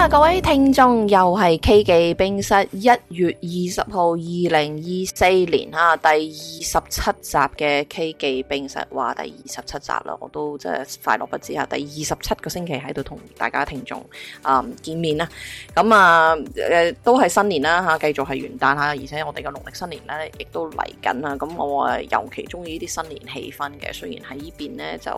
啊、各位聽眾，又係 K 記冰室一月二十號二零二四年吓，第二十七集嘅 K 記冰室，話第二十七集啦，我都真係快樂不止吓第二十七個星期喺度同大家聽眾啊、嗯、見面啦，咁啊，誒都係新年啦吓，繼、啊、續係元旦吓，而且我哋嘅農曆新年咧亦都嚟緊啦，咁我啊尤其中意呢啲新年氣氛嘅，雖然喺呢邊咧就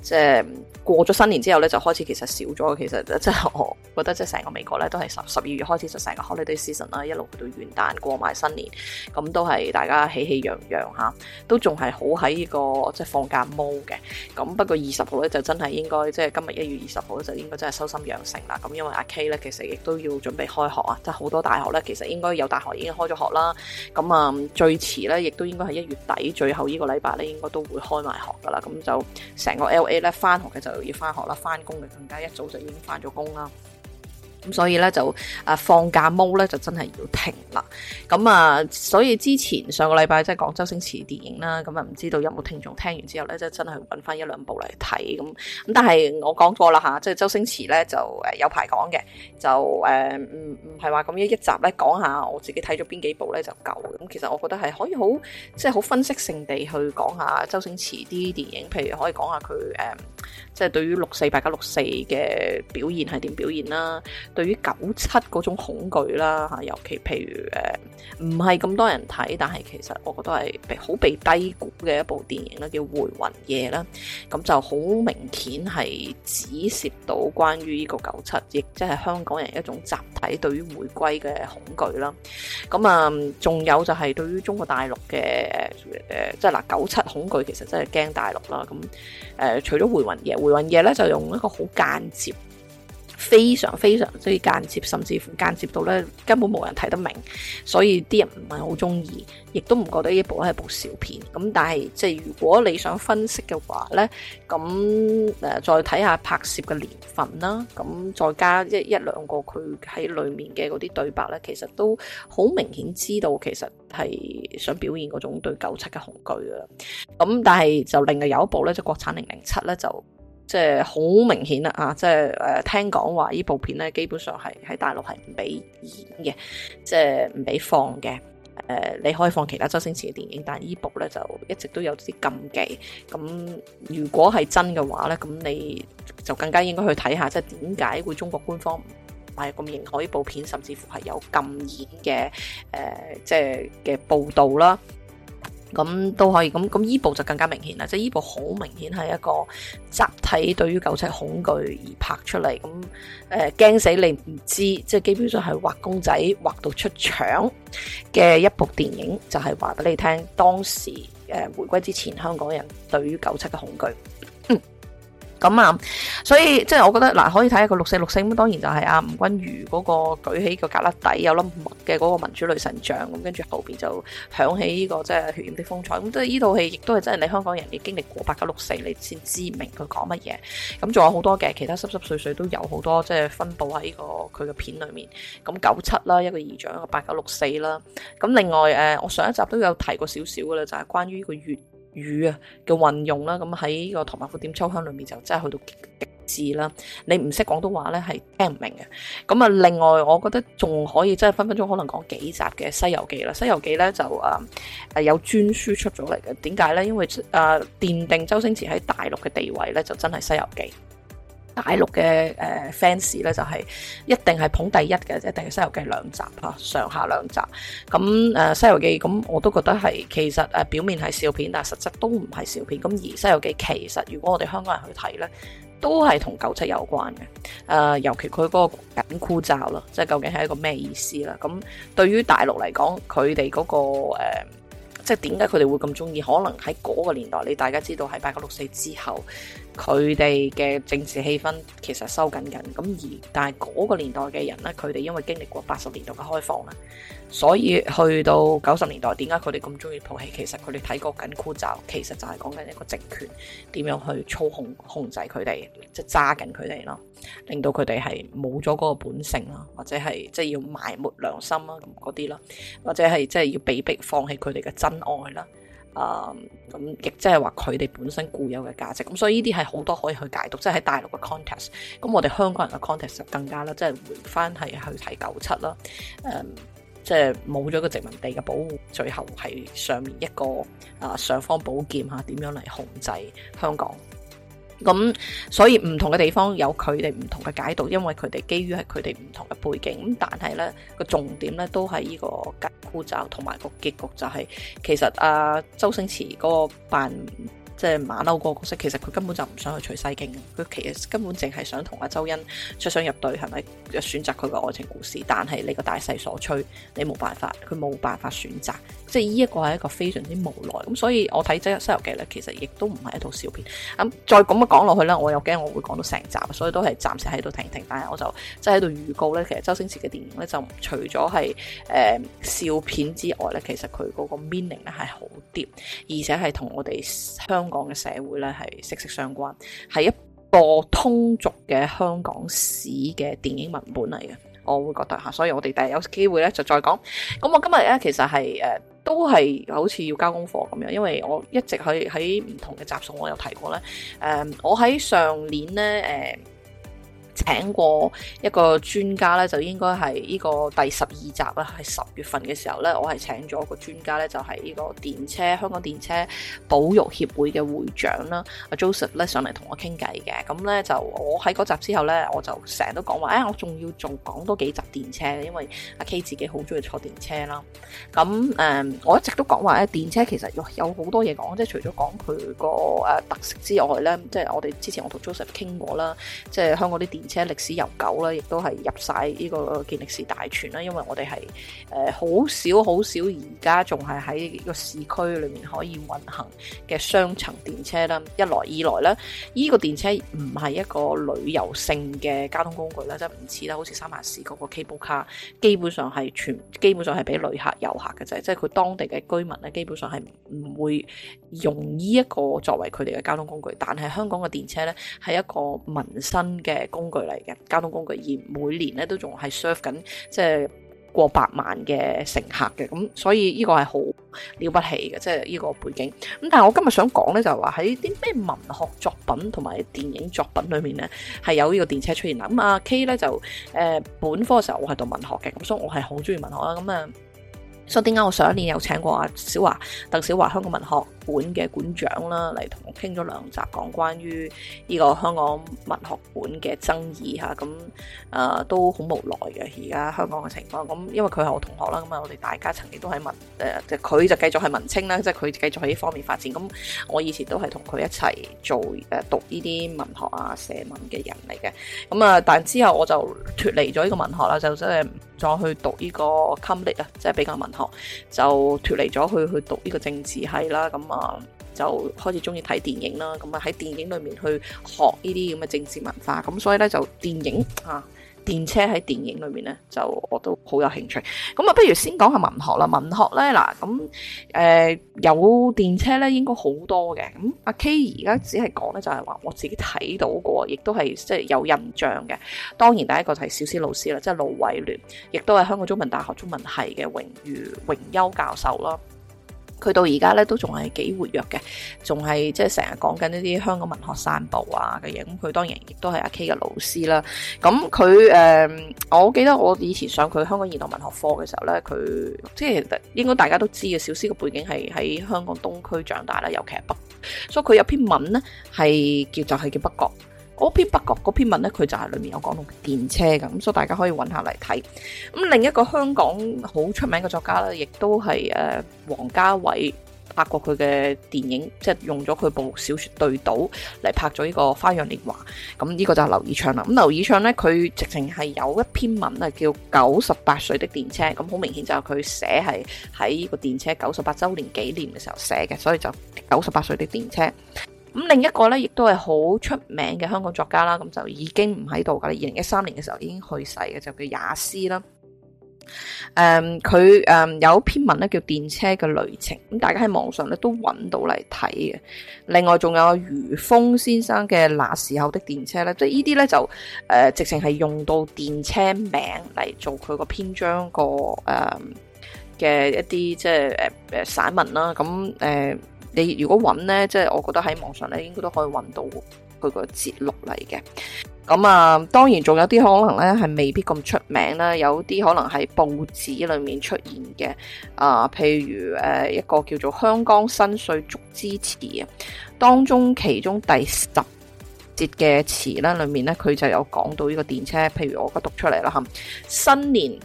即係過咗新年之後咧就開始其實少咗，其實即係我覺得。即係成個美國咧，都係十十二月開始就成個 Holiday Season 啦，一路去到元旦過埋新年，咁都係大家喜氣洋洋嚇，都仲係好喺呢個即係放假 mode 嘅。咁不過二十號咧就真係應該即係今日一月二十號咧就應該真係收心養性啦。咁因為阿 K 咧其實亦都要準備開學啊，即係好多大學咧其實應該有大學已經開咗學啦。咁啊，最遲咧亦都應該係一月底最後呢個禮拜咧應該都會開埋學噶啦。咁就成個 LA 咧翻學嘅就要要翻學啦，翻工嘅更加一早就已經翻咗工啦。咁所以咧就啊放假毛咧就真係要停啦。咁啊，所以之前上個禮拜即係講周星馳電影啦。咁啊，唔知道有冇聽眾聽完之後咧，即係真係揾翻一兩部嚟睇咁。咁但係我講過啦吓，即係周星馳咧就誒有排講嘅，就誒唔唔係話咁一一集咧講下我自己睇咗邊幾部咧就夠。咁、嗯、其實我覺得係可以好即係好分析性地去講下周星馳啲電影，譬如可以講下佢、呃、即係對於六四八九六四嘅表現係點表現啦。對於九七嗰種恐懼啦嚇，尤其譬如誒唔係咁多人睇，但係其實我覺得係好被低估嘅一部電影啦，叫《回魂夜》啦，咁就好明顯係指涉到關於呢個九七，亦即係香港人一種集體對於回歸嘅恐懼啦。咁啊，仲有就係對於中國大陸嘅誒即係嗱九七恐懼其實真係驚大陸啦。咁誒、呃，除咗《回魂夜》，《回魂夜》咧就用一個好間接的。非常非常之間接，甚至乎間接到咧，根本冇人睇得明，所以啲人唔係好中意，亦都唔覺得呢部咧係部小片。咁但係即係如果你想分析嘅話咧，咁誒再睇下拍攝嘅年份啦，咁再加一一兩個佢喺裡面嘅嗰啲對白咧，其實都好明顯知道其實係想表現嗰種對九七嘅恐懼啊。咁但係就另外有一部咧，就國產零零七咧就。即係好明顯啦啊！即係誒聽講話依部片咧，基本上係喺大陸係唔俾演嘅，即係唔俾放嘅。誒、呃，你可以放其他周星馳嘅電影，但係依部咧就一直都有啲禁忌。咁如果係真嘅話咧，咁你就更加應該去睇下，即係點解會中國官方唔係咁認可呢部片，甚至乎係有禁演嘅誒、呃，即係嘅報道啦。咁都可以，咁咁依部就更加明顯啦，即係依部好明顯係一個集體對於九七恐懼而拍出嚟，咁誒驚死你唔知，即係基本上係畫公仔畫到出場嘅一部電影，就係話俾你聽當時誒回歸之前香港人對於九七嘅恐懼。咁啊、嗯，所以即係我覺得嗱，可以睇下佢六四六四咁，當然就係阿吳君如嗰個舉起個格拉底有粒墨嘅嗰個民主女神像，咁跟住後邊就響起呢、這個即係血染的風采。咁即係呢套戲亦都係真係你香港人哋經歷過八九六四，你先知明佢講乜嘢。咁、嗯、仲有好多嘅其他濕濕碎碎都有好多，即係分布喺、這個佢嘅片裏面。咁、嗯、九七啦，一個二仗，一個八九六四啦。咁、嗯、另外誒、呃、我上一集都有提過少少嘅啦，就係、是、關於個月。語啊嘅運用啦，咁喺個《唐伯虎點秋香》裏面就真係去到極致啦。你唔識廣東話呢係聽唔明嘅。咁啊，另外我覺得仲可以真係分分鐘可能講幾集嘅《西遊記》啦，啊《西遊記》呢就誒有專書出咗嚟嘅。點解呢？因為誒、啊、奠定周星馳喺大陸嘅地位呢，就真係《西遊記》。大陸嘅誒 fans 咧就係一定係捧第一嘅，即係定係《西遊記》兩集啊，上下兩集。咁誒《西遊記》咁我都覺得係其實誒表面係笑片，但係實質都唔係笑片。咁而《西遊記》其實如果我哋香港人去睇呢，都係同九七有關嘅。誒，尤其佢嗰個緊箍咒啦，即係究竟係一個咩意思啦？咁對於大陸嚟講，佢哋嗰個、呃、即係點解佢哋會咁中意？可能喺嗰個年代，你大家知道喺八九六四之後。佢哋嘅政治氣氛其實收緊緊，咁而但係嗰個年代嘅人咧，佢哋因為經歷過八十年代嘅開放啦，所以去到九十年代，點解佢哋咁中意套戲？其實佢哋睇過緊箍咒，其實就係講緊一個政權點樣去操控、控制佢哋，即係揸緊佢哋咯，令到佢哋係冇咗嗰個本性啦，或者係即係要埋沒良心啦，咁嗰啲啦，或者係即係要被逼放棄佢哋嘅真愛啦。誒，咁亦即係話佢哋本身固有嘅價值，咁所以呢啲係好多可以去解讀，即係喺大陸嘅 context 咁我哋香港人嘅 context 就更加啦，即係回翻係去睇九七啦，誒、嗯，即係冇咗個殖民地嘅保護，最後係上面一個啊尚方寶劍嚇點樣嚟控制香港？咁所以唔同嘅地方有佢哋唔同嘅解讀，因為佢哋基於係佢哋唔同嘅背景。咁但係呢個重點呢，都係呢個緊箍咒同埋個結局就係、是、其實阿、啊、周星馳嗰個扮。即係馬騮嗰個角色，其實佢根本就唔想去取西經，佢其實根本淨係想同阿周欣出雙入對，係咪？選擇佢個愛情故事，但係你個大勢所趨，你冇辦法，佢冇辦法選擇，即係呢一個係一個非常之無奈。咁所以，我睇《西遊記》咧，其實亦都唔係一套笑片。咁再咁樣講落去咧，我又驚我會講到成集，所以都係暫時喺度停一停。但係我就即係喺度預告咧，其實周星馳嘅電影咧就除咗係誒笑片之外咧，其實佢嗰個 meaning 咧係好掂，而且係同我哋香。香港嘅社會咧係息息相關，係一個通俗嘅香港史嘅電影文本嚟嘅，我會覺得吓，所以我哋第日有機會咧就再講。咁我今日咧其實係誒、呃、都係好似要交功課咁樣，因為我一直喺喺唔同嘅集數，我有提過咧。誒、呃，我喺上年咧誒。呃請過一個專家咧，就應該係呢個第十二集啦，係十月份嘅時候咧，我係請咗個專家咧，就係、是、呢個電車，香港電車保育協會嘅會長啦，阿 Joseph 咧上嚟同我傾偈嘅，咁咧就我喺嗰集之後咧，我就成日都講話，咧、哎、我仲要仲講多幾集電車，因為阿 K 自己好中意坐電車啦。咁誒、嗯，我一直都講話咧，電車其實有好多嘢講，即係除咗講佢個誒特色之外咧，即係我哋之前我同 Joseph 傾過啦，即係香港啲電。而且歷史悠久啦，亦都係入晒呢個建歷史大全啦。因為我哋係誒好少好少，而家仲係喺個市區裏面可以運行嘅雙層電車啦。一來二來咧，呢、呢個電車唔係一個旅遊性嘅交通工具啦，即係唔似啦。好似三藩市嗰個 cable car，基本上係全基本上係俾旅客遊客嘅啫。即係佢當地嘅居民呢，基本上係唔會用呢一個作為佢哋嘅交通工具。但係香港嘅電車呢，係一個民生嘅工嚟嘅交通工具，而每年咧都仲係 serve 緊，即係過百萬嘅乘客嘅，咁所以呢個係好了不起嘅，即係呢個背景。咁但係我今日想講咧，就係話喺啲咩文學作品同埋電影作品裏面咧，係有呢個電車出現啦。咁阿 K 咧就誒、呃、本科嘅時候我係讀文學嘅，咁所以我係好中意文學啦。咁啊。所以點解我上一年有請過阿小華、鄧小華，香港文學館嘅館長啦，嚟同我傾咗兩集，講關於呢個香港文學館嘅爭議吓，咁誒、呃、都好無奈嘅，而家香港嘅情況。咁因為佢係我同學啦，咁啊我哋大家曾經都係文誒，就、呃、佢就繼續係文青啦，即係佢繼續喺呢方面發展。咁我以前都係同佢一齊做誒讀呢啲文學啊、寫文嘅人嚟嘅。咁啊，但之後我就脫離咗呢個文學啦，就真、是、係。再去讀呢個 comedy 啊，即係比較文學，就脫離咗去去讀呢個政治系啦。咁啊，就開始中意睇電影啦。咁啊喺電影裏面去學呢啲咁嘅政治文化。咁所以咧就電影啊。電車喺電影裏面呢，就我都好有興趣。咁啊，不如先講下文學啦。文學呢，嗱咁，誒、呃，有電車呢，應該好多嘅。咁阿 K 而家只係講呢，就係話我自己睇到過，亦都係即係有印象嘅。當然，第一個就係小思老師啦，即係盧瑋鑾，亦都係香港中文大學中文系嘅榮譽榮休教授啦。佢到而家咧都仲係幾活躍嘅，仲係即係成日講緊呢啲香港文學散步啊嘅嘢。咁佢當然亦都係阿 K 嘅老師啦。咁佢、嗯、我記得我以前上佢香港現代文學課嘅時候咧，佢即係應該大家都知嘅，小思嘅背景係喺香港東區長大啦，尤其係北，所以佢有篇文咧係叫就係、是、叫北角。嗰篇北角嗰篇文咧，佢就係裏面有講到電車噶，咁所以大家可以揾下嚟睇。咁另一個香港好出名嘅作家咧，亦都係誒，王家衛拍過佢嘅電影，即係用咗佢部小說《對倒》嚟拍咗呢個《花樣年華》。咁呢個就係劉以鬯啦。咁劉以鬯咧，佢直情係有一篇文啊，叫《九十八歲的電車》。咁好明顯就係佢寫係喺呢個電車九十八周年紀念嘅時候寫嘅，所以就九十八歲的電車。咁另一個咧，亦都係好出名嘅香港作家啦，咁就已經唔喺度噶啦。二零一三年嘅時候已經去世嘅，就叫也斯啦。誒、嗯，佢誒、嗯、有篇文咧叫《電車嘅旅程》，咁大家喺網上咧都揾到嚟睇嘅。另外仲有余風先生嘅《那時候的電車》咧，即係呢啲咧就誒、呃、直情係用到電車名嚟做佢個篇章個誒嘅一啲即係誒誒散文啦。咁、啊、誒。呃你如果揾呢，即係我覺得喺網上咧，應該都可以揾到佢個節錄嚟嘅。咁啊，當然仲有啲可能咧，係未必咁出名啦。有啲可能係報紙裏面出現嘅。啊、呃，譬如一個叫做《香港新歲竹枝詞》啊，當中其中第十節嘅詞咧，裏面咧佢就有講到呢個電車。譬如我嘅讀出嚟啦，嚇，新年。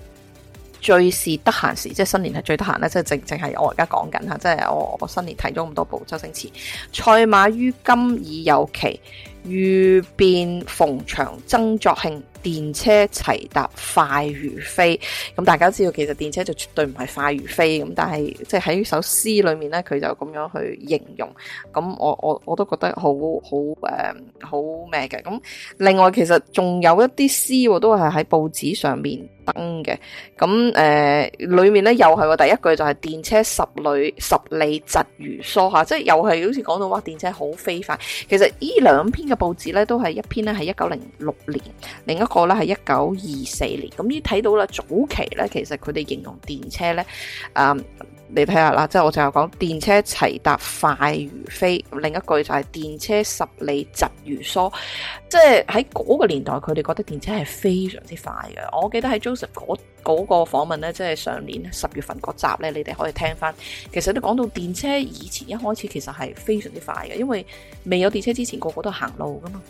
最是得閒時，即係新年係最得閒咧，即係淨淨係我而家講緊嚇，即係我我新年睇咗咁多部周星馳。《賽馬於今已有期》遇，遇變逢場增作興。電車齊踏快如飛，咁大家知道其實電車就絕對唔係快如飛咁，但係即係喺首詩裏面咧，佢就咁樣去形容，咁我我我都覺得好好誒、嗯、好咩嘅。咁另外其實仲有一啲詩都係喺報紙上面登嘅，咁誒裏面咧又係喎第一句就係電車十里十里疾如梭吓，即係又係好似講到話電車好飛快。其實呢兩篇嘅報紙咧都係一篇咧係一九零六年，另一。一個咧係一九二四年，咁呢睇到啦，早期咧其實佢哋形容電車咧，誒、嗯，你睇下啦，即係我淨係講電車齊達快如飛，另一句就係電車十里疾如梭，即係喺嗰個年代，佢哋覺得電車係非常之快嘅。我記得喺 Joseph 嗰嗰個訪問咧，即係上年十月份嗰集咧，你哋可以聽翻。其實都講到電車以前一開始其實係非常之快嘅，因為未有電車之前，個個都行路噶嘛。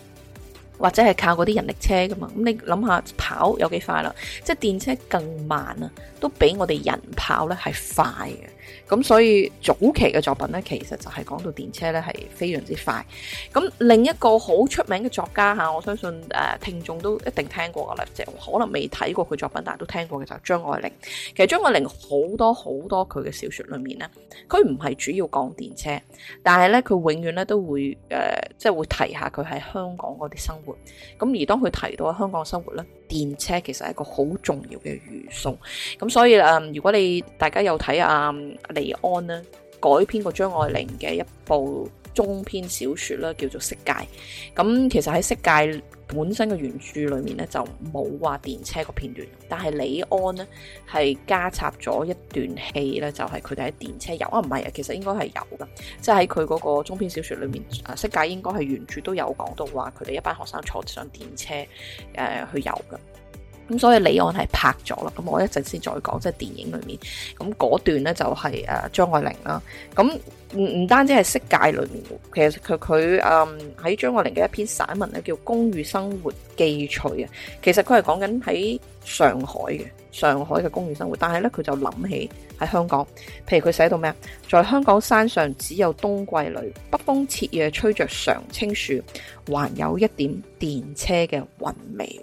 或者係靠嗰啲人力車噶嘛，咁你諗下跑有幾快啦？即係電車更慢啊，都比我哋人跑咧係快嘅。咁所以早期嘅作品咧，其實就係講到電車咧係非常之快。咁另一個好出名嘅作家嚇，我相信誒聽眾都一定聽過噶啦，即係可能未睇過佢作品，但係都聽過嘅就係張愛玲。其實張愛玲好多好多佢嘅小説裡面咧，佢唔係主要講電車，但係咧佢永遠咧都會誒，即、呃、係會提下佢喺香港嗰啲生活。咁而當佢提到香港生活咧，電車其實係一個好重要嘅元素。咁所以誒，如果你大家有睇阿李安咧改編過張愛玲嘅一部。中篇小説咧叫做《色戒》，咁其實喺《色戒》本身嘅原著裏面咧，就冇話電車個片段，但係李安咧係加插咗一段戲咧，就係佢哋喺電車遊啊，唔係啊，其實應該係遊嘅，即係喺佢嗰個中篇小説裏面，《啊色戒》應該係原著都有講到話佢哋一班學生坐上電車誒、呃、去遊嘅。咁所以李安係拍咗啦，咁我一陣先再講，即係電影裏面，咁嗰段咧就係誒張愛玲啦，咁唔唔單止係色戒裏面，其實佢佢誒喺張愛玲嘅一篇散文咧叫《公寓生活記趣》啊，其實佢係講緊喺上海嘅。上海嘅公寓生活，但係咧佢就諗起喺香港，譬如佢寫到咩啊？在香港山上只有冬季裏北風徹夜吹着常青樹，還有一點電車嘅韻味，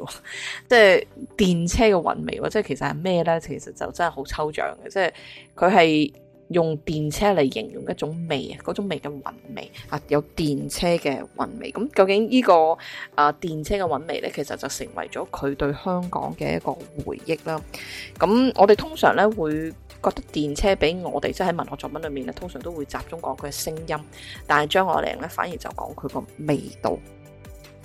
即係電車嘅韻味，即係其實係咩咧？其實就真係好抽象嘅，即係佢係。用電車嚟形容一種味啊，嗰種味嘅韻味啊，有電車嘅韻味。咁究竟呢個啊電車嘅韻味呢，其實就成為咗佢對香港嘅一個回憶啦。咁我哋通常呢，會覺得電車俾我哋即係喺文學作品裏面呢，通常都會集中講佢嘅聲音，但係張愛玲呢，反而就講佢個味道。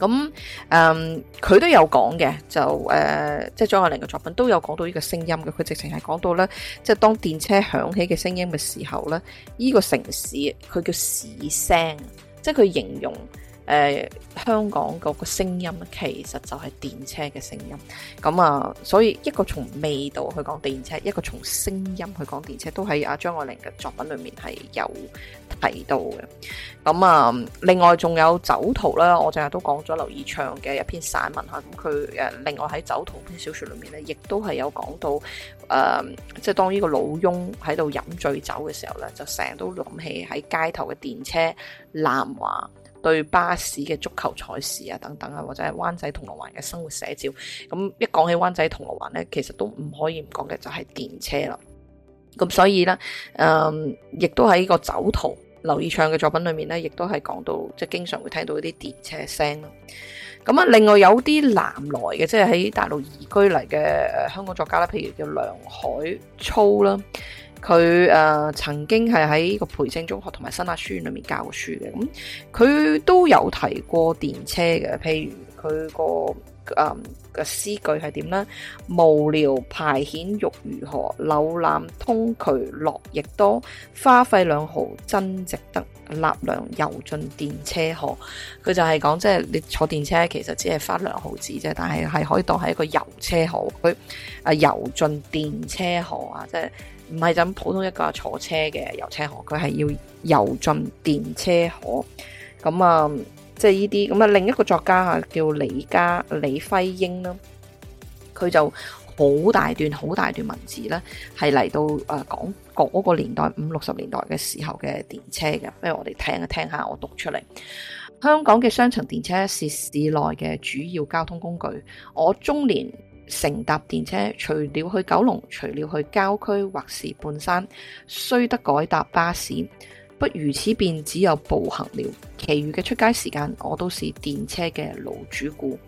咁，嗯，佢都有講嘅，就誒、呃，即係張愛玲嘅作品都有講到呢個聲音嘅。佢直情係講到咧，即係當電車響起嘅聲音嘅時候咧，呢、呢個城市佢叫市聲，即係佢形容。誒、呃、香港嗰個聲音其實就係電車嘅聲音，咁啊，所以一個從味道去講電車，一個從聲音去講電車，都係阿張愛玲嘅作品裏面係有提到嘅。咁啊，另外仲有《酒徒》啦，我陣間都講咗劉以鬯嘅一篇散文嚇，咁佢誒另外喺《酒徒》篇小説裏面咧，亦都係有講到誒，即係當呢個老翁喺度飲醉酒嘅時候咧，就成日都諗起喺街頭嘅電車南華。對巴士嘅足球賽事啊，等等啊，或者係灣仔銅鑼灣嘅生活寫照。咁一講起灣仔銅鑼灣呢，其實都唔可以唔講嘅就係電車啦。咁所以呢，誒、嗯，亦都喺個酒徒劉以鬯嘅作品裏面呢，亦都係講到即係、就是、經常會聽到一啲電車聲啦。咁啊，另外有啲南來嘅，即係喺大陸移居嚟嘅香港作家咧，譬如叫梁海操啦。佢誒、呃、曾經係喺個培正中學同埋新亞書院裏面教書嘅，咁佢都有提過電車嘅，譬如佢個誒嘅詩句係點咧？無聊排遣欲如何，瀏覽通渠樂亦多，花費兩毫真值得，立涼，遊進電車河。佢就係講即係你坐電車其實只係花兩毫子啫，但係係可以當係一個遊車河，佢誒遊進電車河啊，即係。唔係咁普通一架坐車嘅遊車河，佢係要遊進電車河。咁啊，即係呢啲咁啊，另一個作家啊叫李家李輝英啦，佢就好大段好大段文字咧，係嚟到啊講嗰個年代五六十年代嘅時候嘅電車嘅。不如我哋聽一聽一下，我讀出嚟。香港嘅雙層電車是市內嘅主要交通工具。我中年。乘搭電車，除了去九龍，除了去郊區或是半山，須得改搭巴士。不如此便只有步行了。其餘嘅出街時間，我都是電車嘅老主顧。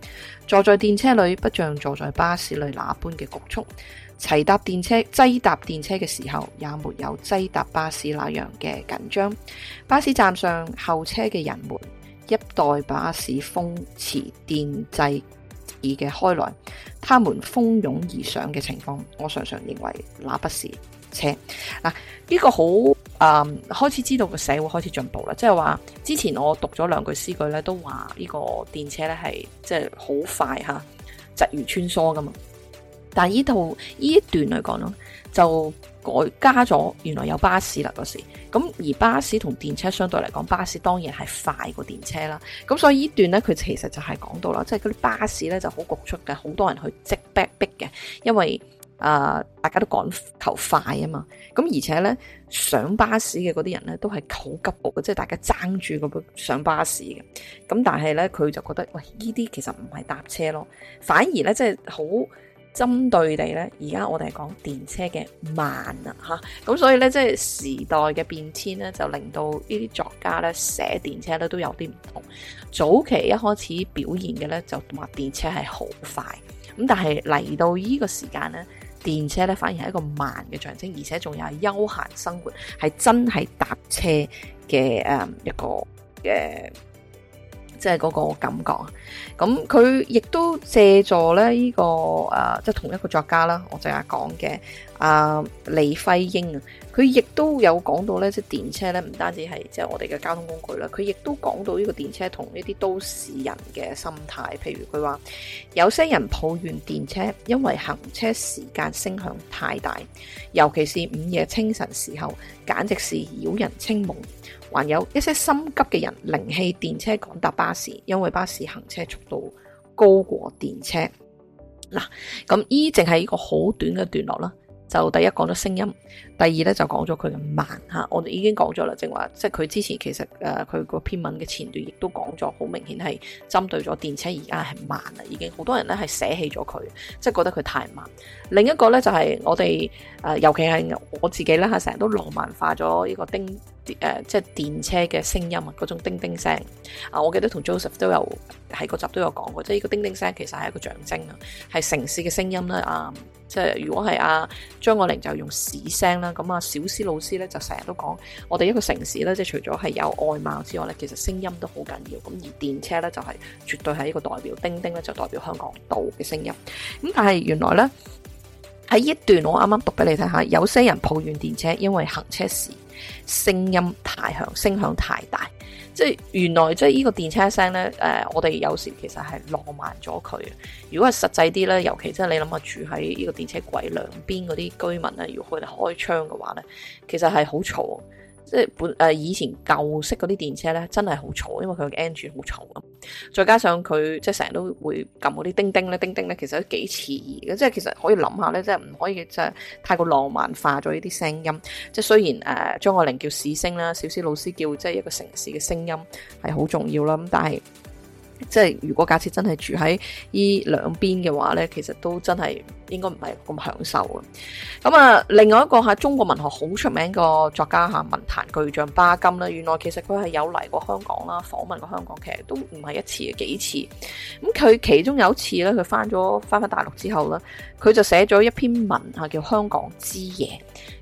坐在電車裏，不像坐在巴士裏那般嘅局促。齊搭電車、擠搭電車嘅時候，也沒有擠搭巴士那樣嘅緊張。巴士站上候車嘅人們，一代巴士風馳電掣。而嘅開來，他們蜂擁而上嘅情況，我常常認為那不是車嗱。呢、這個好啊、嗯、開始知道個社會開始進步啦，即係話之前我讀咗兩句詩句咧，都話呢個電車咧係即係好快吓，疾如穿梭噶嘛，但呢度，呢一段嚟講咯就。改加咗，原來有巴士啦嗰時，咁而巴士同電車相對嚟講，巴士當然係快過電車啦。咁所以呢段呢，佢其實就係講到啦，即係嗰啲巴士呢，就好局促嘅，好多人去即逼逼嘅，因為啊、呃、大家都趕求快啊嘛。咁而且呢，上巴士嘅嗰啲人呢，都係好急步嘅，即係大家爭住過上巴士嘅。咁但係呢，佢就覺得，喂呢啲其實唔係搭車咯，反而呢，即係好。針對地呢，而家我哋係講電車嘅慢啊，吓，咁所以呢，即係時代嘅變遷呢，就令到呢啲作家呢寫電車呢都有啲唔同。早期一開始表現嘅呢，就話電車係好快，咁但係嚟到呢個時間呢，電車呢反而係一個慢嘅象徵，而且仲有休閒生活，係真係搭車嘅、嗯、一個嘅。即係嗰個感覺，咁佢亦都借助咧呢個誒、呃，即係同一個作家啦，我淨係講嘅啊李輝英啊，佢亦都有講到咧，即係電車咧，唔單止係即係我哋嘅交通工具啦，佢亦都講到呢個電車同呢啲都市人嘅心態，譬如佢話有些人抱怨電車，因為行車時間聲響太大，尤其是午夜清晨時候，簡直是擾人清夢。還有一些心急嘅人，寧棄電車，趕搭巴士，因為巴士行車速度高過電車。嗱，咁依淨係一個好短嘅段落啦。就第一講咗聲音，第二咧就講咗佢嘅慢吓。我哋已經講咗啦，正話即係佢之前其實誒，佢、呃、個篇文嘅前段亦都講咗，好明顯係針對咗電車而家係慢啦，已經好多人咧係捨棄咗佢，即係覺得佢太慢。另一個咧就係、是、我哋誒、呃，尤其係我自己咧，成日都浪漫化咗呢個叮。啲即係電車嘅聲音啊，嗰種叮叮聲啊，我記得同 Joseph 都有喺嗰集都有講過，即係呢個叮叮聲其實係一個象徵啊，係城市嘅聲音啦。啊，即係如果係啊張愛玲就用市聲啦，咁啊小思老師咧就成日都講，我哋一個城市咧，即係除咗係有外貌之外咧，其實聲音都好緊要。咁而電車咧就係絕對係一個代表，叮叮咧就代表香港島嘅聲音。咁但係原來咧喺一段我啱啱讀俾你睇下，有些人抱怨電車，因為行車時，聲音太響，聲響太大，即係原來即係呢個電車聲呢，誒，我哋有時其實係浪漫咗佢。如果係實際啲呢，尤其即係你諗下住喺呢個電車軌兩邊嗰啲居民呢，如果佢哋開窗嘅話呢，其實係好嘈。即係本誒以前舊式嗰啲電車咧，真係好嘈，因為佢嘅 engine 好嘈咁，再加上佢即係成日都會撳嗰啲叮叮咧，叮叮咧，其實都幾刺耳嘅。即係其實可以諗下咧，即係唔可以即係太過浪漫化咗呢啲聲音。即係雖然誒、呃、張愛玲叫市聲啦，小思老師叫即係一個城市嘅聲音係好重要啦。咁但係，即係如果假設真係住喺依兩邊嘅話呢，其實都真係應該唔係咁享受嘅。咁啊，另外一個喺中國文學好出名個作家嚇，文壇巨匠巴金啦。原來其實佢係有嚟過香港啦，訪問過香港，其實都唔係一次嘅幾次。咁佢其中有一次呢，佢翻咗翻翻大陸之後呢，佢就寫咗一篇文嚇，叫《香港之夜》。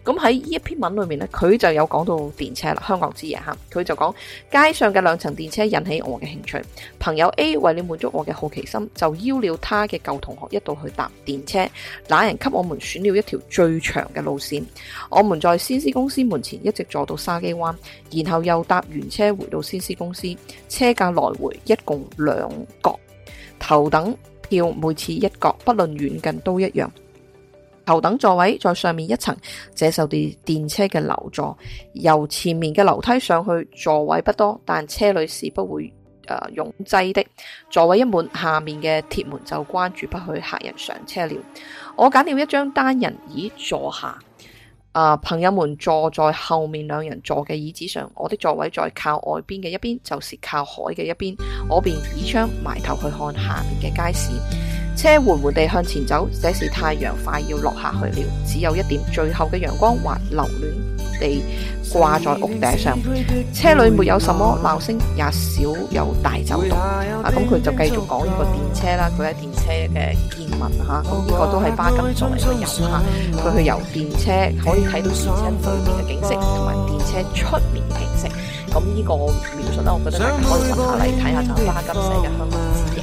咁喺呢一篇文裏面呢，佢就有講到電車啦。香港之夜吓，佢就講街上嘅兩層電車引起我嘅興趣。朋友 A 為了滿足我嘅好奇心，就邀了他嘅舊同學一道去搭電車。那人給我們選了一條最長嘅路線。我們在先施公司門前一直坐到沙基灣，然後又搭完車回到先施公司。車價來回一共兩角。頭等票每次一角，不論遠近都一樣。頭等座位在上面一層，這就是電車嘅樓座，由前面嘅樓梯上去，座位不多，但車裏是不會誒擁擠的。座位一滿，下面嘅鐵門就關住，不許客人上車了。我揀了一張單人椅坐下，啊、呃，朋友們坐在後面兩人坐嘅椅子上，我的座位在靠外邊嘅一邊，就是靠海嘅一邊。我便倚窗埋頭去看下面嘅街市。車緩緩地向前走，這時太陽快要落下去了，只有一點最後嘅陽光還留戀地掛在屋頂上。車裏沒有什麼鬧聲，也少有大走動。啊，咁佢就繼續講呢個電車啦，佢喺電車嘅見聞吓，咁、啊、呢、這個都係巴金作為一個遊客，佢、啊、去遊電車，可以睇到電車裏面嘅景色，同埋電車出面嘅景色。咁呢個描述呢，我覺得大家可以一下嚟睇下就係巴金寫嘅《香港之夜》。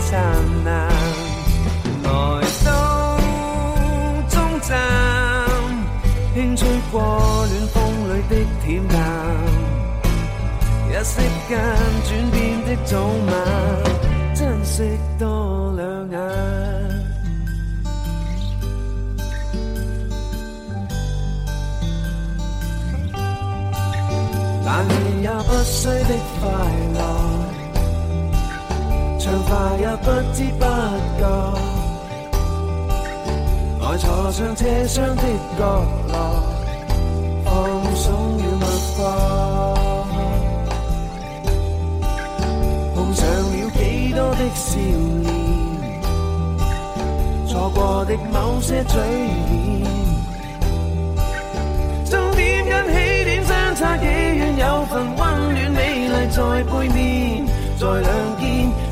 燦爛來到終站，輕吹過暖風裏的恬淡，一息間轉變的早晚，珍惜多兩眼。百年也不衰的快樂。長髮也不知不覺，愛坐上車廂的角落，放鬆了脈搏。碰上了幾多的笑臉，錯過的某些嘴臉。終點跟起點相差幾遠，有份温暖美麗在背面，在兩肩。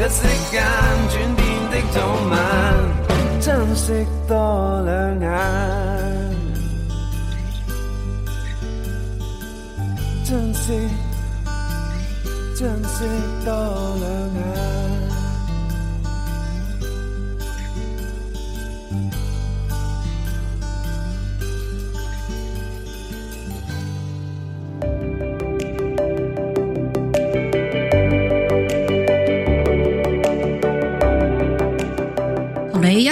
一息間轉變的早晚，珍惜多兩眼，珍惜，珍惜多。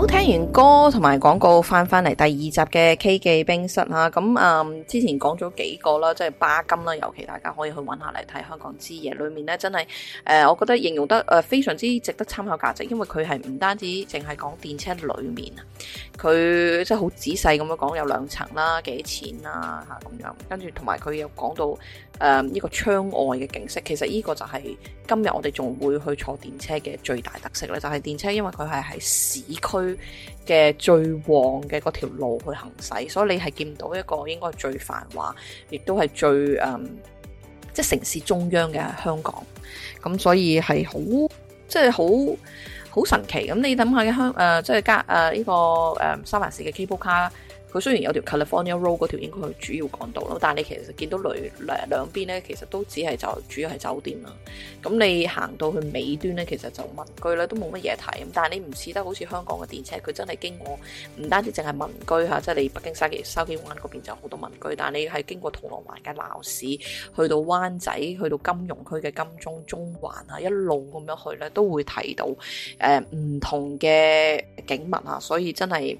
好，聽完歌同埋廣告，翻翻嚟第二集嘅 K 記冰室吓，咁啊、嗯，之前講咗幾個啦，即係巴金啦，尤其大家可以去揾下嚟睇《香港之夜》，裏面呢真係誒、呃，我覺得形容得誒、呃、非常之值得參考價值，因為佢係唔單止淨係講電車裏面真很啊，佢即係好仔細咁樣講有兩層啦，幾錢啦吓咁樣，跟住同埋佢又講到。誒呢個窗外嘅景色，其實呢個就係今日我哋仲會去坐電車嘅最大特色咧，就係、是、電車，因為佢係喺市區嘅最旺嘅嗰條路去行駛，所以你係見到一個應該最繁華，亦都係最誒、嗯，即係城市中央嘅香港。咁所以係好，即係好好神奇。咁你諗下香誒，即係加誒呢、呃這個誒、呃、三藩市嘅 cable car。佢雖然有條 California Road 嗰條應該係主要港道咯，但係你其實見到兩誒兩邊咧，其實都只係就主要係酒店啦。咁你行到去尾端咧，其實就民居咧都冇乜嘢睇。但係你唔似得好似香港嘅電車，佢真係經過唔單止淨係民居嚇、啊，即係你北京沙嘅沙箕灣嗰邊就好多民居，但係你係經過銅鑼灣嘅鬧市，去到灣仔，去到金融區嘅金鐘中環啊，一路咁樣去咧，都會睇到誒唔、呃、同嘅景物啊，所以真係。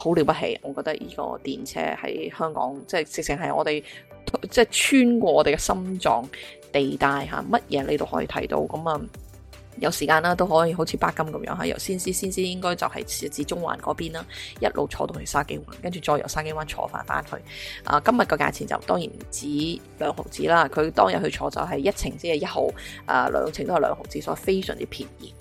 好了不起，我覺得呢個電車喺香港，即係直情係我哋即係穿過我哋嘅心臟地帶吓，乜嘢你都可以睇到咁啊！有時間啦，都可以好似巴金咁樣由先師先師應該就係至中環嗰邊啦，一路坐到去筲箕灣，跟住再由筲箕灣坐翻翻去。啊，今日個價錢就當然唔止兩毫子啦，佢當日去坐就係一程先係一毫，啊兩程都係兩毫子，所以非常之便宜。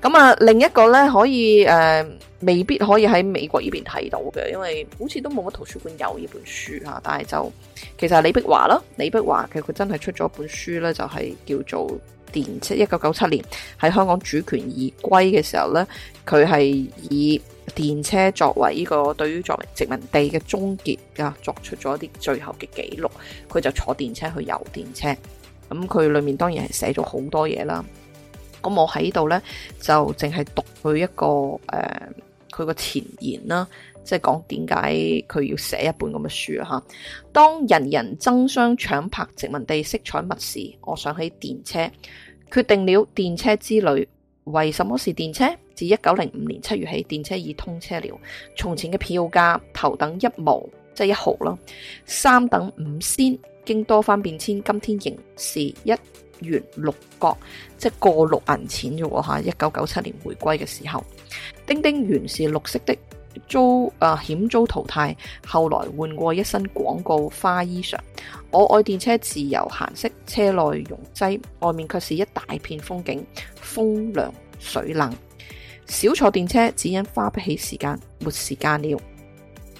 咁啊，另一個呢可以、呃、未必可以喺美國呢邊睇到嘅，因為好似都冇乜圖書館有呢本書、啊、但係就其實係李碧華啦，李碧華其實佢真係出咗本書呢，就係、是、叫做。電車。一九九七年喺香港主權而歸嘅時候呢，佢係以電車作為呢、這個對於作為殖民地嘅終結噶，作出咗一啲最後嘅記錄。佢就坐電車去遊電車，咁佢裏面當然係寫咗好多嘢啦。咁我喺度呢，就淨係讀佢一個誒，佢、呃、個前言啦。即係講點解佢要寫一本咁嘅書啊？吓，當人人爭相搶拍殖民地色彩物時，我想起電車，決定了電車之旅。為什麼是電車？自一九零五年七月起，電車已通車了。從前嘅票價，頭等一毛，即係一毫啦；三等五仙。經多番變遷，今天仍是一元六角，即係個六銀錢啫。吓，一九九七年回歸嘅時候，叮叮原是綠色的。遭啊險遭淘汰，後來換過一身廣告花衣裳。我愛電車自由閒適，車內擁擠，外面却是一大片風景，風涼水冷。少坐電車，只因花不起時間，沒時間了。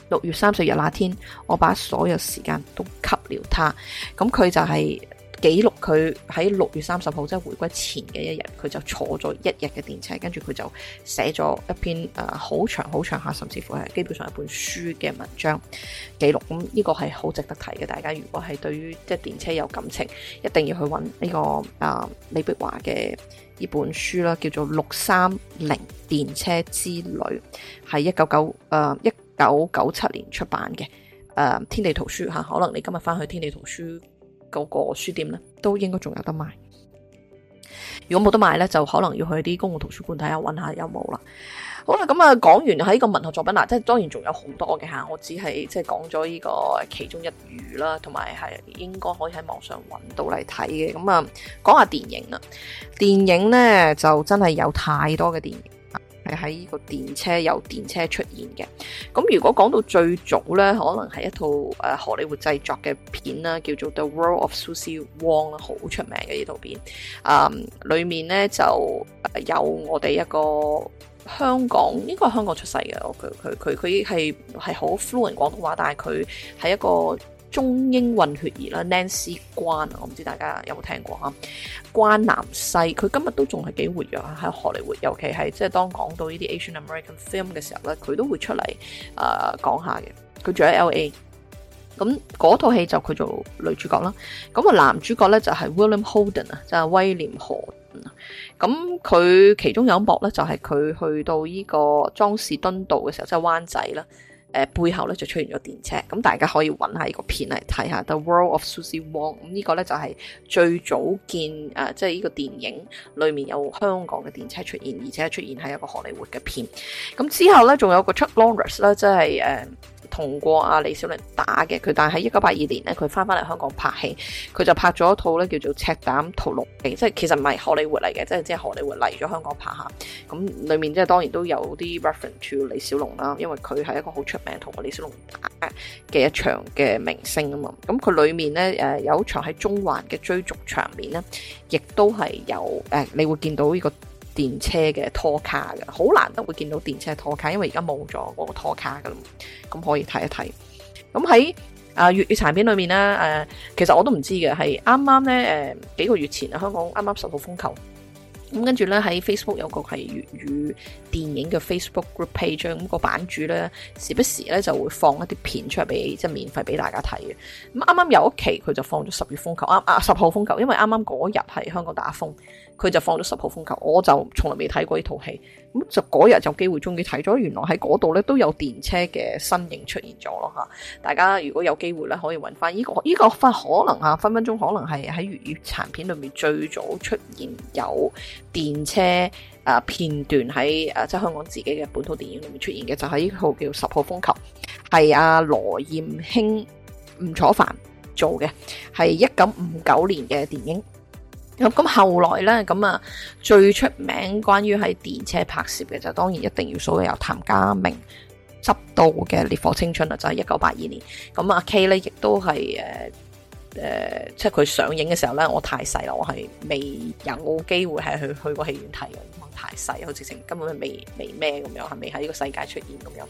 六月三十日那天，我把所有時間都給了他，咁佢就係、是。記錄佢喺六月三十號即係回歸前嘅一日，佢就坐咗一日嘅電車，跟住佢就寫咗一篇好長好長下，甚至乎係基本上一本書嘅文章記錄。咁呢個係好值得睇嘅，大家如果係對於即係電車有感情，一定要去揾呢個誒李碧華嘅呢本書啦，叫做《六三零電車之旅》，係一九九誒一九九七年出版嘅誒天地圖書吓。可能你今日翻去天地圖書。嗰個書店咧都應該仲有得賣，如果冇得賣咧，就可能要去啲公共圖書館睇下，搵下有冇啦。好啦，咁啊，講完喺個文學作品啦，即係當然仲有好多嘅吓，我只係即係講咗呢個其中一隅啦，同埋係應該可以喺網上搵到嚟睇嘅。咁啊，講下電影啦，電影呢，就真係有太多嘅電影。係喺呢個電車有電車出現嘅，咁如果講到最早呢，可能係一套誒、呃、荷里活製作嘅片啦，叫做 The World of s u s i e Wong 好出名嘅呢套片。嗯，裏面呢就有我哋一個香港，應該係香港出世嘅，佢佢佢佢係係好 fluent 廣東話，但係佢係一個。中英混血兒啦，Nancy 關啊，我唔知大家有冇聽過啊。關南西佢今日都仲係幾活躍啊，喺荷里活，尤其係即係當講到呢啲 Asian American film 嘅時候咧，佢都會出嚟啊、呃、講下嘅。佢住喺 LA，咁嗰套戲就佢做女主角啦。咁啊男主角咧就係 William Holden 啊，就係威廉荷。咁佢其中有一幕咧就係、是、佢去到呢個莊士敦道嘅時候，即係灣仔啦。背後咧就出現咗電車，咁大家可以搵下呢個片嚟睇下。The World of Suzie Wong，咁呢個呢就係最早見誒，即係呢個電影裏面有香港嘅電車出現，而且出現係一個荷里活嘅片。咁之後呢，仲有個 Chuck Laurens 呢，即係誒。呃同過阿李小龍打嘅佢，但係喺一九八二年咧，佢翻翻嚟香港拍戲，佢就拍咗一套咧叫做《赤膽屠龍記》，即係其實唔係荷里活嚟嘅，即係即係荷里活嚟咗香港拍下。咁、嗯、裏面即係當然都有啲 reference to 李小龍啦，因為佢係一個好出名同阿李小龍打嘅一場嘅明星啊嘛。咁佢裏面咧誒有一場喺中環嘅追逐場面咧，亦都係有誒，你會見到呢個。電車嘅拖卡嘅，好難得會見到電車拖卡，因為而家冇咗個拖卡噶啦，咁可以睇一睇。咁喺啊粵語殘片裏面呢，誒、呃，其實我都唔知嘅，係啱啱呢誒、呃，幾個月前啊，香港啱啱十號風球，咁跟住呢，喺 Facebook 有個係粵語電影嘅 Facebook Group Page，咁個版主呢，時不時呢就會放一啲片出嚟俾，即係免費俾大家睇嘅。咁啱啱有一期佢就放咗十月風球，啱啱十號風球，因為啱啱嗰日係香港打風。佢就放咗十號風球，我就從來未睇過呢套戲，咁就嗰日就機會終於睇咗，原來喺嗰度咧都有電車嘅身影出現咗咯吓！大家如果有機會咧，可以揾翻呢個呢、呢個分可能啊，分分鐘可能係喺粵語殘片裏面最早出現有電車誒片段喺誒即係香港自己嘅本土電影裏面出現嘅，就喺呢套叫《十號風球》是羅，係阿羅艷卿、吳楚帆做嘅，係一九五九年嘅電影。咁咁、嗯、後來咧，咁啊最出名關於喺電車拍攝嘅就當然一定要數到由譚家明執導嘅《烈火青春》啦，就係一九八二年。咁、嗯、阿 K 咧亦都係、呃呃、即係佢上映嘅時候咧，我太細啦，我係未有機會係去去過戲院睇嘅，太細，好似成根本未未咩咁樣，係未喺呢個世界出現咁樣。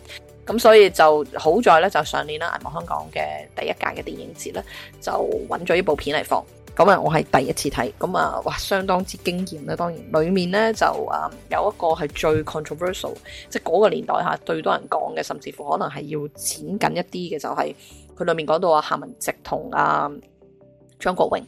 咁、嗯、所以就好在咧，就上年啦，銀幕香港嘅第一屆嘅電影節咧，就揾咗呢部片嚟放。咁啊，我係第一次睇，咁啊，哇，相當之驚艷咧！當然，裏面咧就啊、嗯、有一個係最 controversial，即係嗰個年代吓最多人講嘅，甚至乎可能係要剪緊一啲嘅，就係、是、佢裏面講到啊，夏文汐同啊張國榮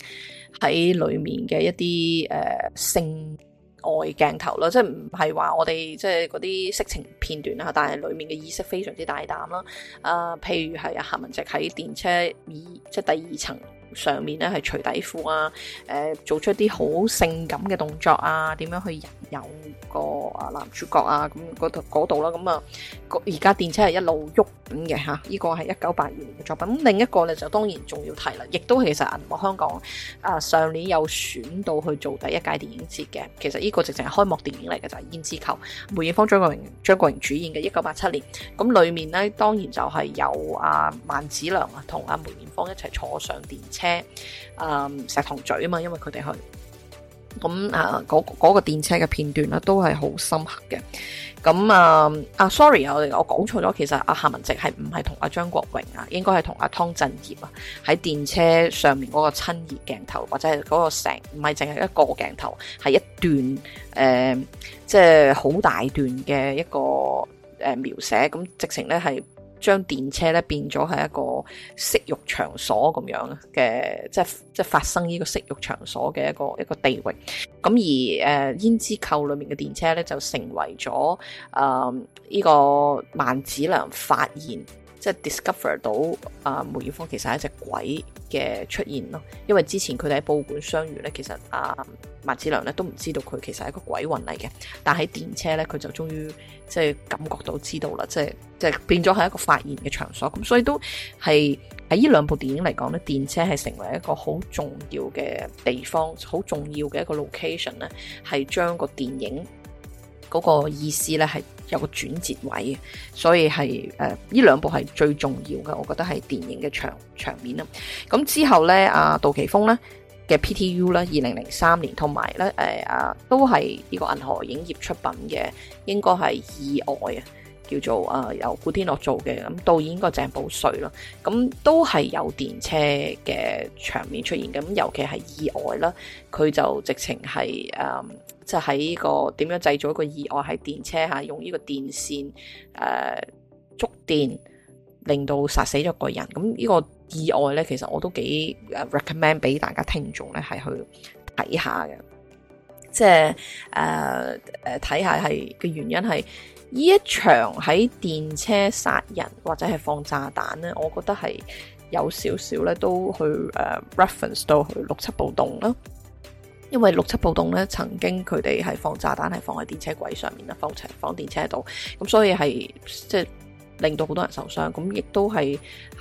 喺裏面嘅一啲誒、呃、性愛鏡頭啦，即係唔係話我哋即係嗰啲色情片段啦，但係裏面嘅意識非常之大膽啦，啊、呃，譬如係啊夏文汐喺電車二即係第二層。上面咧係除底褲啊，誒、呃，做出一啲好性感嘅動作啊，點樣去引誘個啊男主角啊，咁嗰度嗰度啦，咁啊～而家電車係一路喐緊嘅嚇，依、這個係一九八二年嘅作品。另一個咧就當然仲要提啦，亦都其實銀幕香港啊、呃、上年有選到去做第一屆電影節嘅。其實呢個直情係開幕電影嚟嘅就係、是《胭脂扣》，梅艷芳、張國榮、張國榮主演嘅一九八七年。咁裡面呢，當然就係有阿、啊、萬梓良和啊同阿梅艷芳一齊坐上電車啊、嗯，石塘咀啊嘛，因為佢哋去。咁啊，嗰、嗯那個那個電車嘅片段咧，都係好深刻嘅。咁、嗯、啊，啊，sorry，我我講錯咗，其實阿夏文汐係唔係同阿張國榮啊，應該係同阿湯鎮業啊，喺電車上面嗰個親熱鏡頭，或者係嗰個成唔係淨係一個鏡頭，係一段誒、呃，即係好大段嘅一個誒描寫，咁、嗯、直情咧係。將電車咧變咗係一個色欲場所咁樣嘅，即係即係發生呢個色欲場所嘅一個一個地域。咁而誒胭脂扣裏面嘅電車咧就成為咗誒呢個萬梓良發現。即係 discover 到啊梅艷芳其實係一隻鬼嘅出現咯，因為之前佢哋喺報館相遇咧，其實啊麥子良咧都唔知道佢其實係一個鬼魂嚟嘅，但喺電車咧佢就終於即係感覺到知道啦，即係即係變咗係一個發現嘅場所，咁所以都係喺呢兩部電影嚟講咧，電車係成為一個好重要嘅地方，好重要嘅一個 location 咧，係將個電影嗰個意思咧係。有個轉折位，所以係誒呢兩部係最重要嘅，我覺得係電影嘅場場面啦。咁之後呢，阿、啊、杜琪峰呢嘅 PTU 啦，二零零三年，同埋呢誒、呃、都係呢個銀河影業出品嘅，應該係意外啊，叫做啊、呃、由古天樂做嘅，咁導演應該鄭保瑞啦，咁都係有電車嘅場面出現，咁尤其係意外啦，佢就直情係誒。呃就喺呢、這個點樣製造一個意外，喺電車下，用呢個電線誒觸、呃、電，令到殺死咗個人。咁呢個意外咧，其實我都幾誒 recommend 俾大家聽眾咧，係去睇下嘅。即係誒誒，睇下係嘅原因係呢一場喺電車殺人或者係放炸彈咧，我覺得係有少少咧都去誒 reference、呃、到去六七暴動啦。因為六七暴動咧，曾經佢哋係放炸彈，係放喺電車軌上面啦，放放電車度，咁所以係即係令到好多人受傷。咁亦都係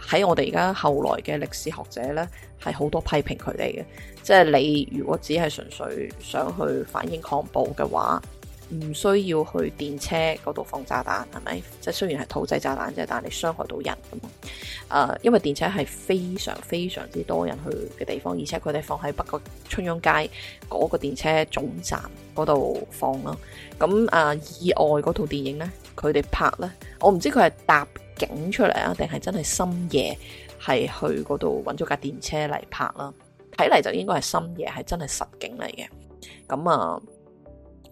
喺我哋而家後來嘅歷史學者咧，係好多批評佢哋嘅。即係你如果只係純粹想去反映抗暴嘅話。唔需要去電車嗰度放炸彈，係咪？即係雖然係土製炸彈啫，但係你傷害到人㗎嘛、呃。因為電車係非常非常之多人去嘅地方，而且佢哋放喺北角春秧街嗰個電車總站嗰度放啦。咁誒，意、呃、外嗰套電影呢，佢哋拍呢，我唔知佢係搭景出嚟啊，定係真係深夜係去嗰度揾咗架電車嚟拍啦。睇嚟就應該係深夜係真係實景嚟嘅。咁啊～、呃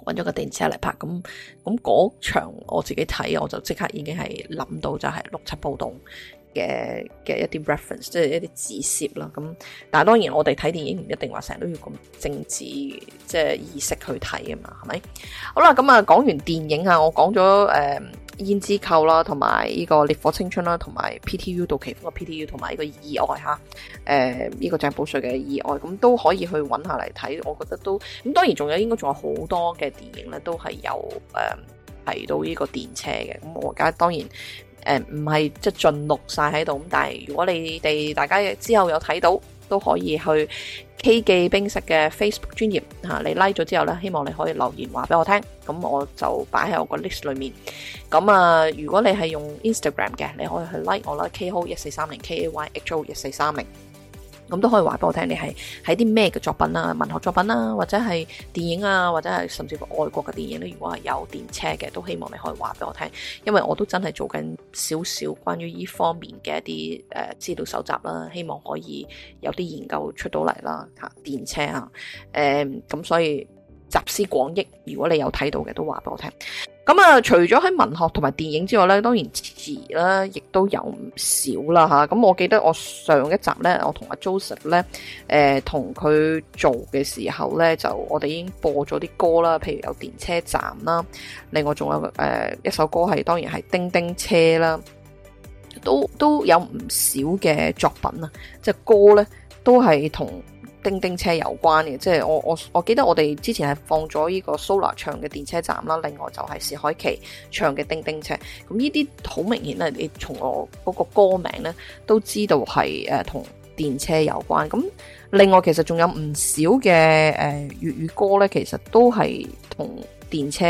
揾咗個電車嚟拍，咁、咁嗰場我自己睇，我就即刻已經係諗到就係六七暴動嘅嘅一啲 reference，即係一啲指涉啦。咁但係當然我哋睇電影唔一定話成日都要咁政治即係意識去睇啊嘛，係咪？好啦，咁啊講完電影啊，我講咗誒胭脂扣啦，同埋呢個烈火青春啦，同埋 PTU 杜琪峰嘅 PTU，同埋呢個意外吓，誒、嗯、呢、這個鄭保瑞嘅意外，咁都可以去揾下嚟睇，我覺得都咁當然仲有，應該仲有好多嘅電影咧，都係有誒提到呢個電車嘅，咁、嗯、我而家當然誒唔係即係盡錄晒喺度，咁、嗯、但係如果你哋大家之後有睇到。都可以去 K 記冰室嘅 Facebook 專頁，吓你 like 咗之後呢，希望你可以留言話俾我聽，咁我就擺喺我個 list 裏面。咁啊，如果你係用 Instagram 嘅，你可以去 like 我啦，KHO 一四三零，K A Y H O 一四三零。咁都可以話俾我聽，你係喺啲咩嘅作品啦，文學作品啦，或者係電影啊，或者係甚至外國嘅電影咧。如果係有電車嘅，都希望你可以話俾我聽，因為我都真係做緊少少關於呢方面嘅一啲誒資料搜集啦，希望可以有啲研究出到嚟啦。電車啊，誒、嗯、咁所以。集思廣益，如果你有睇到嘅，都話俾我聽。咁啊，除咗喺文學同埋電影之外呢，當然詞啦亦都有唔少啦吓。咁我記得我上一集呢，我同阿 Joseph 咧，誒、呃，同佢做嘅時候呢，就我哋已經播咗啲歌啦，譬如有電車站啦，另外仲有誒一首歌係當然係叮叮車啦，都都有唔少嘅作品啊，即係歌呢都係同。叮叮車有關嘅，即係我我我記得我哋之前係放咗呢個蘇拉唱嘅電車站啦，另外就係薛凱琪唱嘅叮叮車。咁呢啲好明顯係你從我嗰個歌名咧都知道係誒同電車有關。咁另外其實仲有唔少嘅誒粵語歌咧，其實都係同電車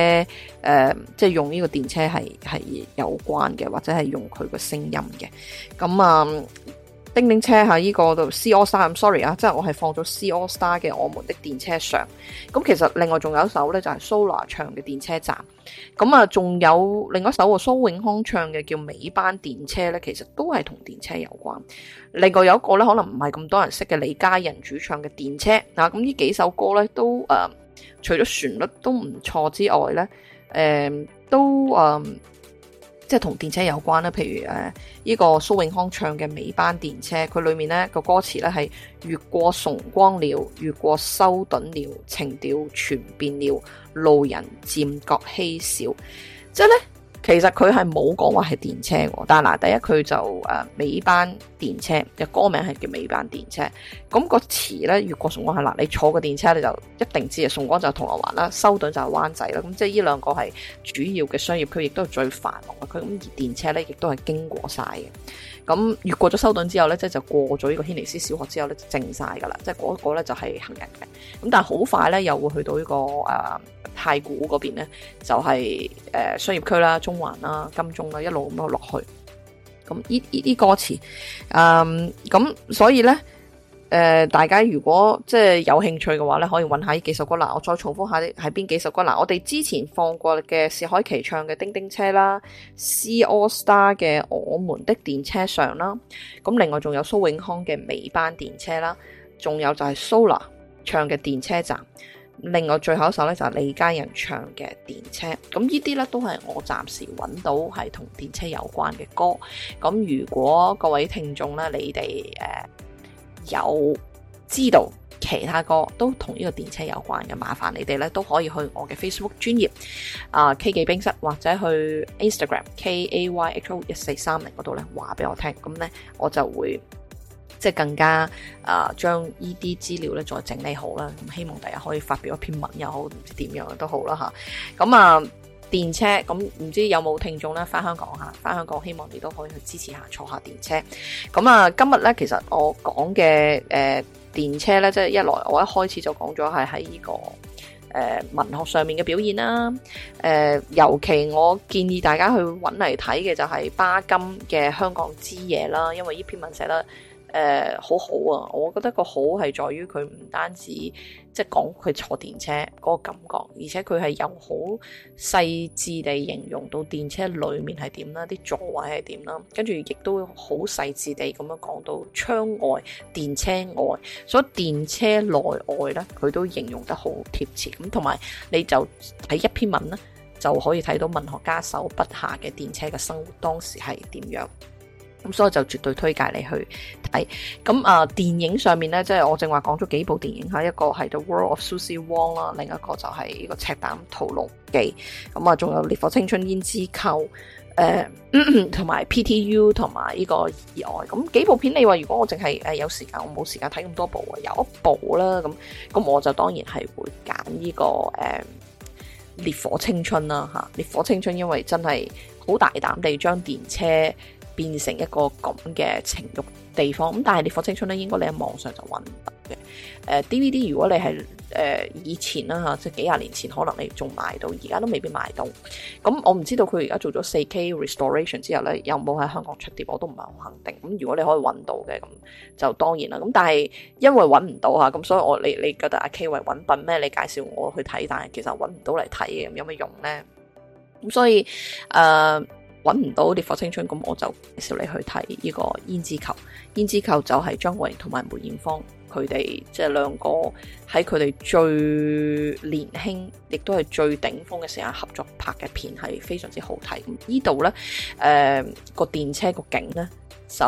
誒即係用呢個電車係係有關嘅，或者係用佢個聲音嘅。咁啊～、呃叮叮車喺呢個度，C All Star，sorry 啊，即係我係放咗 C All Star 嘅《我們的電車上》。咁其實另外仲有一首呢，就係 Solar 唱嘅《電車站》。咁啊，仲有另外一首喎，蘇永康唱嘅叫《尾班電車》呢，其實都係同電車有關。另外有一個呢，可能唔係咁多人識嘅李佳仁主唱嘅《電車》。嗱，咁呢幾首歌呢、嗯，都誒，除咗旋律都唔錯之外呢，誒都誒。即係同電車有關啦，譬如誒呢個蘇永康唱嘅《尾班電車》，佢裏面呢個歌詞呢，係越過崇光了，越過修頓了，情調全變了，路人漸覺稀少，即係呢。其實佢係冇講話係電車喎，但係嗱，第一佢就誒尾班電車嘅歌名係叫尾班電車，咁個詞呢，越過崇光係嗱，你坐個電車你就一定知嘅，崇光就係銅鑼灣啦，修頓就係灣仔啦，咁即係呢兩個係主要嘅商業區，亦都係最繁忙嘅區，咁而電車呢，亦都係經過晒嘅。咁越過咗修頓之後呢，即係就過咗呢個軒尼詩小學之後呢，就靜晒㗎啦，即係嗰個呢，就係、那個、行人嘅。咁但係好快呢，又會去到呢、呢個誒。呃太古嗰邊咧，就係、是、誒、呃、商業區啦、中環啦、金鐘啦，一路咁落去。咁呢依啲歌詞，嗯，咁所以咧，誒、呃，大家如果即係有興趣嘅話咧，可以揾下呢幾首歌啦。我再重複下喺邊幾首歌啦。我哋之前放過嘅是海琪唱嘅《叮叮車》啦，《C All Star》嘅《我們的電車上》啦，咁另外仲有蘇永康嘅《尾班電車》啦，仲有就係 Soler 唱嘅《電車站》。另外最後一首咧就係李佳仁唱嘅電車，咁呢啲咧都係我暫時揾到係同電車有關嘅歌。咁如果各位聽眾咧，你哋誒、呃、有知道其他歌都同呢個電車有關嘅，麻煩你哋咧都可以去我嘅 Facebook 專頁啊、呃、K 記冰室，或者去 Instagram K A Y H O 一四三零嗰度咧話俾我聽，咁咧我就會。即係更加啊、呃，將呢啲資料咧再整理好啦。咁希望大家可以發表一篇文又好，唔知點樣都好啦吓，咁啊電車，咁、嗯、唔知有冇聽眾咧翻香港嚇，翻香港希望你都可以去支持下，坐下電車。咁啊今日咧，其實我講嘅誒電車咧，即、就、係、是、一來我一開始就講咗係喺呢個誒、呃、文學上面嘅表現啦。誒、呃、尤其我建議大家去揾嚟睇嘅就係巴金嘅《香港之夜》啦，因為呢篇文寫得。誒、呃、好好啊！我覺得個好係在於佢唔單止即係講佢坐電車嗰個感覺，而且佢係有好細緻地形容到電車裏面係點啦，啲座位係點啦，跟住亦都好細緻地咁樣講到窗外、電車外，所以電車內外呢，佢都形容得好貼切。咁同埋你就睇一篇文呢，就可以睇到文學家手筆下嘅電車嘅生活當時係點樣。咁所以就絕對推介你去睇。咁啊，電影上面咧，即係我正話講咗幾部電影吓，一個係 The World of Suzie Wong 啦，另一個就係呢、這個《赤膽屠龍記》。咁啊，仲有《烈火青春》、《胭脂扣》、誒、呃，同埋 PTU 同埋呢個意外。咁幾部片，你話如果我淨係誒有時間，我冇時間睇咁多部啊，有一部啦。咁咁我就當然係會揀呢、這個誒、呃《烈火青春》啦。吓，《烈火青春》因為真係好大膽地將電車。變成一個咁嘅情慾地方，咁但係《烈火青春》咧，應該你喺網上就揾唔到嘅。誒、呃、DVD，如果你係誒、呃、以前啦嚇，即係幾廿年前，可能你仲買到，而家都未必買到。咁我唔知道佢而家做咗四 K restoration 之後咧，有冇喺香港出碟，我都唔係好肯定。咁如果你可以揾到嘅，咁就當然啦。咁但係因為揾唔到嚇，咁所以我你你覺得阿 K 位揾笨咩？你介紹我去睇，但係其實揾唔到嚟睇嘅，咁有咩用咧？咁所以誒。呃揾唔到《烈火青春》，咁我就介紹你去睇呢個《胭脂扣》。《胭脂扣》就係張國榮同埋梅艷芳佢哋即係兩個喺佢哋最年輕，亦都係最頂峰嘅時候合作拍嘅片，係非常之好睇。呢度呢，誒、呃、個電車個景呢，就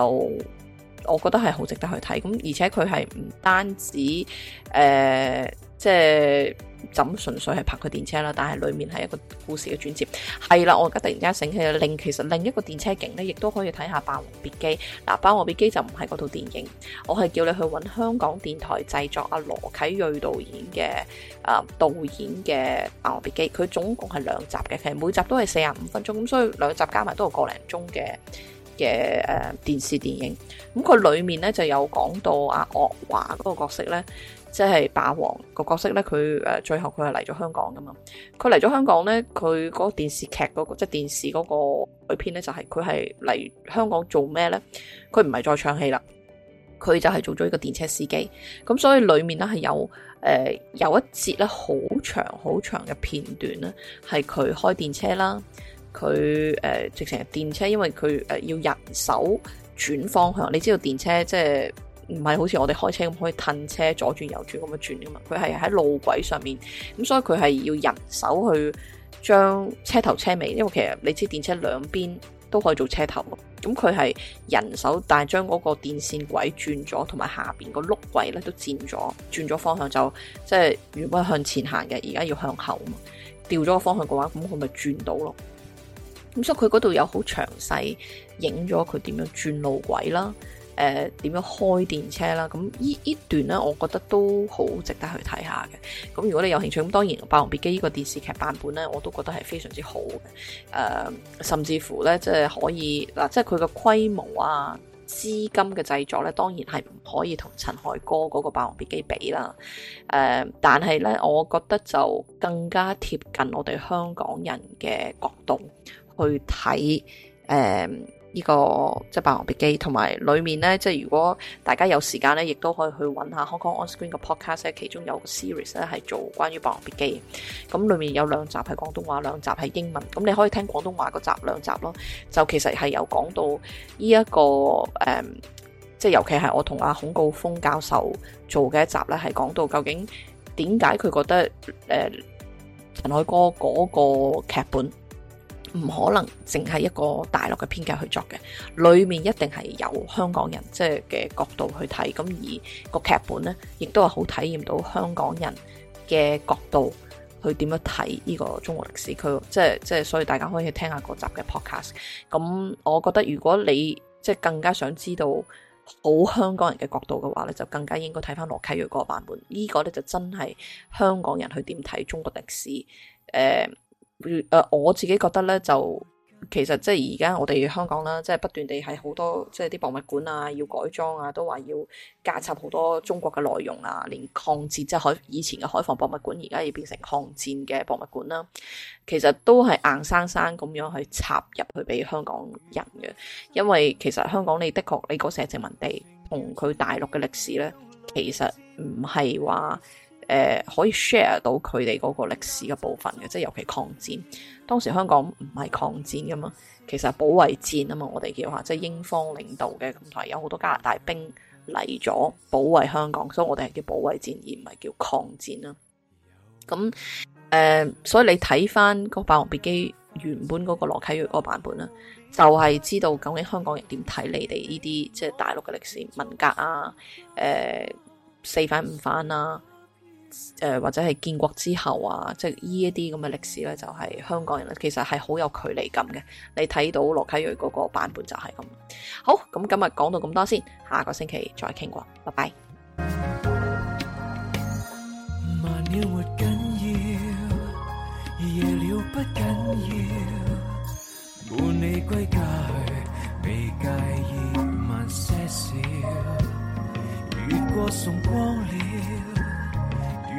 我覺得係好值得去睇。咁而且佢係唔單止誒。呃即係咁純粹係拍佢電車啦，但係裡面係一個故事嘅轉接，係啦。我而家突然間醒起，另其實另一個電車景咧，亦都可以睇下《霸王別姬》。嗱，《霸王別姬》就唔係嗰套電影，我係叫你去揾香港電台製作阿羅啟銳導演嘅啊導演嘅《霸王別姬》。佢總共係兩集嘅，其實每集都係四十五分鐘，咁所以兩集加埋都有個零鐘嘅嘅誒電視電影。咁佢裡面呢，就有講到阿、啊、岳華嗰個角色呢。即係霸王個角色咧，佢誒最後佢係嚟咗香港㗎嘛？佢嚟咗香港咧，佢嗰電視劇嗰、那個、即電視嗰個改編咧，就係佢係嚟香港做咩咧？佢唔係再唱戲啦，佢就係做咗一個電車司機。咁所以裏面咧係有誒、呃、有一節咧好長好長嘅片段咧，係佢開電車啦。佢誒、呃、直情係電車，因為佢、呃、要人手轉方向，你知道電車即係。唔係好似我哋開車咁可以褪車左轉右轉咁樣轉噶嘛？佢係喺路軌上面，咁所以佢係要人手去將車頭車尾，因為其實你知電車兩邊都可以做車頭咁佢係人手，但係將嗰個電線軌轉咗，同埋下面個轆軌咧都轉咗，轉咗方向就即係原本向前行嘅，而家要向後嘛。調咗個方向嘅話，咁佢咪轉到咯。咁所以佢嗰度有好詳細影咗佢點樣轉路軌啦。誒點、呃、樣開電車啦？咁呢依段咧，我覺得都好值得去睇下嘅。咁如果你有興趣，咁當然《霸王別姬》呢、這個電視劇版本咧，我都覺得係非常之好嘅。誒、呃，甚至乎咧、就是呃，即係可以嗱，即係佢嘅規模啊、資金嘅製作咧，當然係唔可以同陳凱歌嗰個《霸王別姬》比啦。誒、呃，但係咧，我覺得就更加貼近我哋香港人嘅角度去睇誒。呃呢、這個即係《霸王別姬》，同埋裡面呢，即係如果大家有時間呢，亦都可以去揾下 Hong Kong On Screen 嘅 Podcast，其中有個 series 呢，係做關於《霸王別姬》，咁裡面有兩集係廣東話，兩集係英文。咁你可以聽廣東話嗰集兩集咯。就其實係有講到呢、這、一個誒、嗯，即係尤其係我同阿孔誥烽教授做嘅一集呢，係講到究竟點解佢覺得誒陳凱歌嗰個劇本。唔可能淨係一個大陸嘅編劇去作嘅，裏面一定係由香港人即係嘅角度去睇，咁而個劇本呢，亦都係好體驗到香港人嘅角度去點樣睇呢個中國歷史。佢即係即係，所以大家可以聽下個集嘅 podcast。咁我覺得如果你即係更加想知道好香港人嘅角度嘅話呢，就更加應該睇翻羅啟瑤嗰個版本。呢、呢個呢，就真係香港人去點睇中國歷史。呃誒、呃，我自己覺得咧，就其實即係而家我哋香港啦，即、就、係、是、不斷地係好多，即係啲博物館啊，要改裝啊，都話要加插好多中國嘅內容啊，連抗戰即係、就是、海以前嘅海防博物館，而家要變成抗戰嘅博物館啦，其實都係硬生生咁樣去插入去俾香港人嘅，因為其實香港你的確你嗰時係殖民地，同佢大陸嘅歷史咧，其實唔係話。誒、呃、可以 share 到佢哋嗰個歷史嘅部分嘅，即係尤其是抗戰。當時香港唔係抗戰㗎嘛，其實係保衛戰啊嘛，我哋叫吓，即係英方領導嘅，咁同埋有好多加拿大兵嚟咗保衛香港，所以我哋係叫保衛戰而唔係叫抗戰啦。咁誒、呃，所以你睇返嗰《霸王別姬》原本嗰個羅啟銳個版本啦，就係、是、知道究竟香港人點睇你哋呢啲即係大陸嘅歷史文革啊、誒、呃、四反五反啊。誒，或者係建國之後啊，即係呢一啲咁嘅歷史咧，就係、是、香港人咧，其實係好有距離感嘅。你睇到羅啟銳嗰個版本就係咁。好，咁今日講到咁多先，下個星期再傾過，拜拜。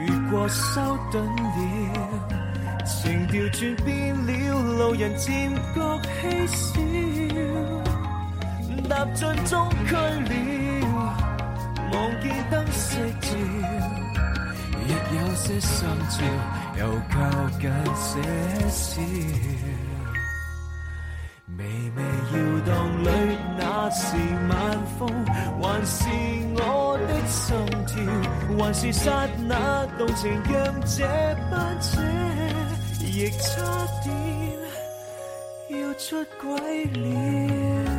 越過修頓了，情調轉變了，路人漸覺稀少。踏進中區了，望見燈飾照，亦有些心照，又靠近些少。微微搖動裏，那是晚風，還是？還是剎那動情車車，讓這班車亦差點要出軌了。嗯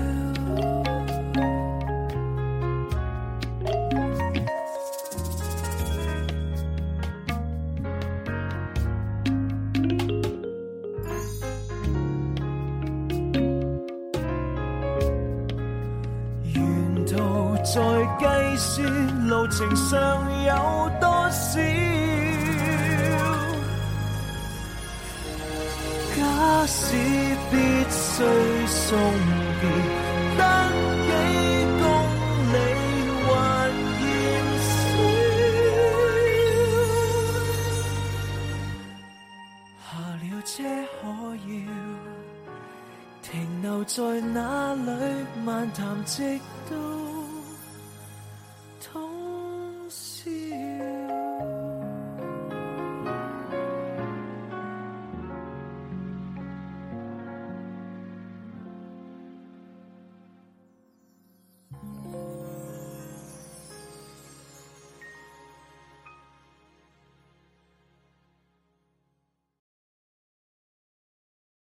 直到。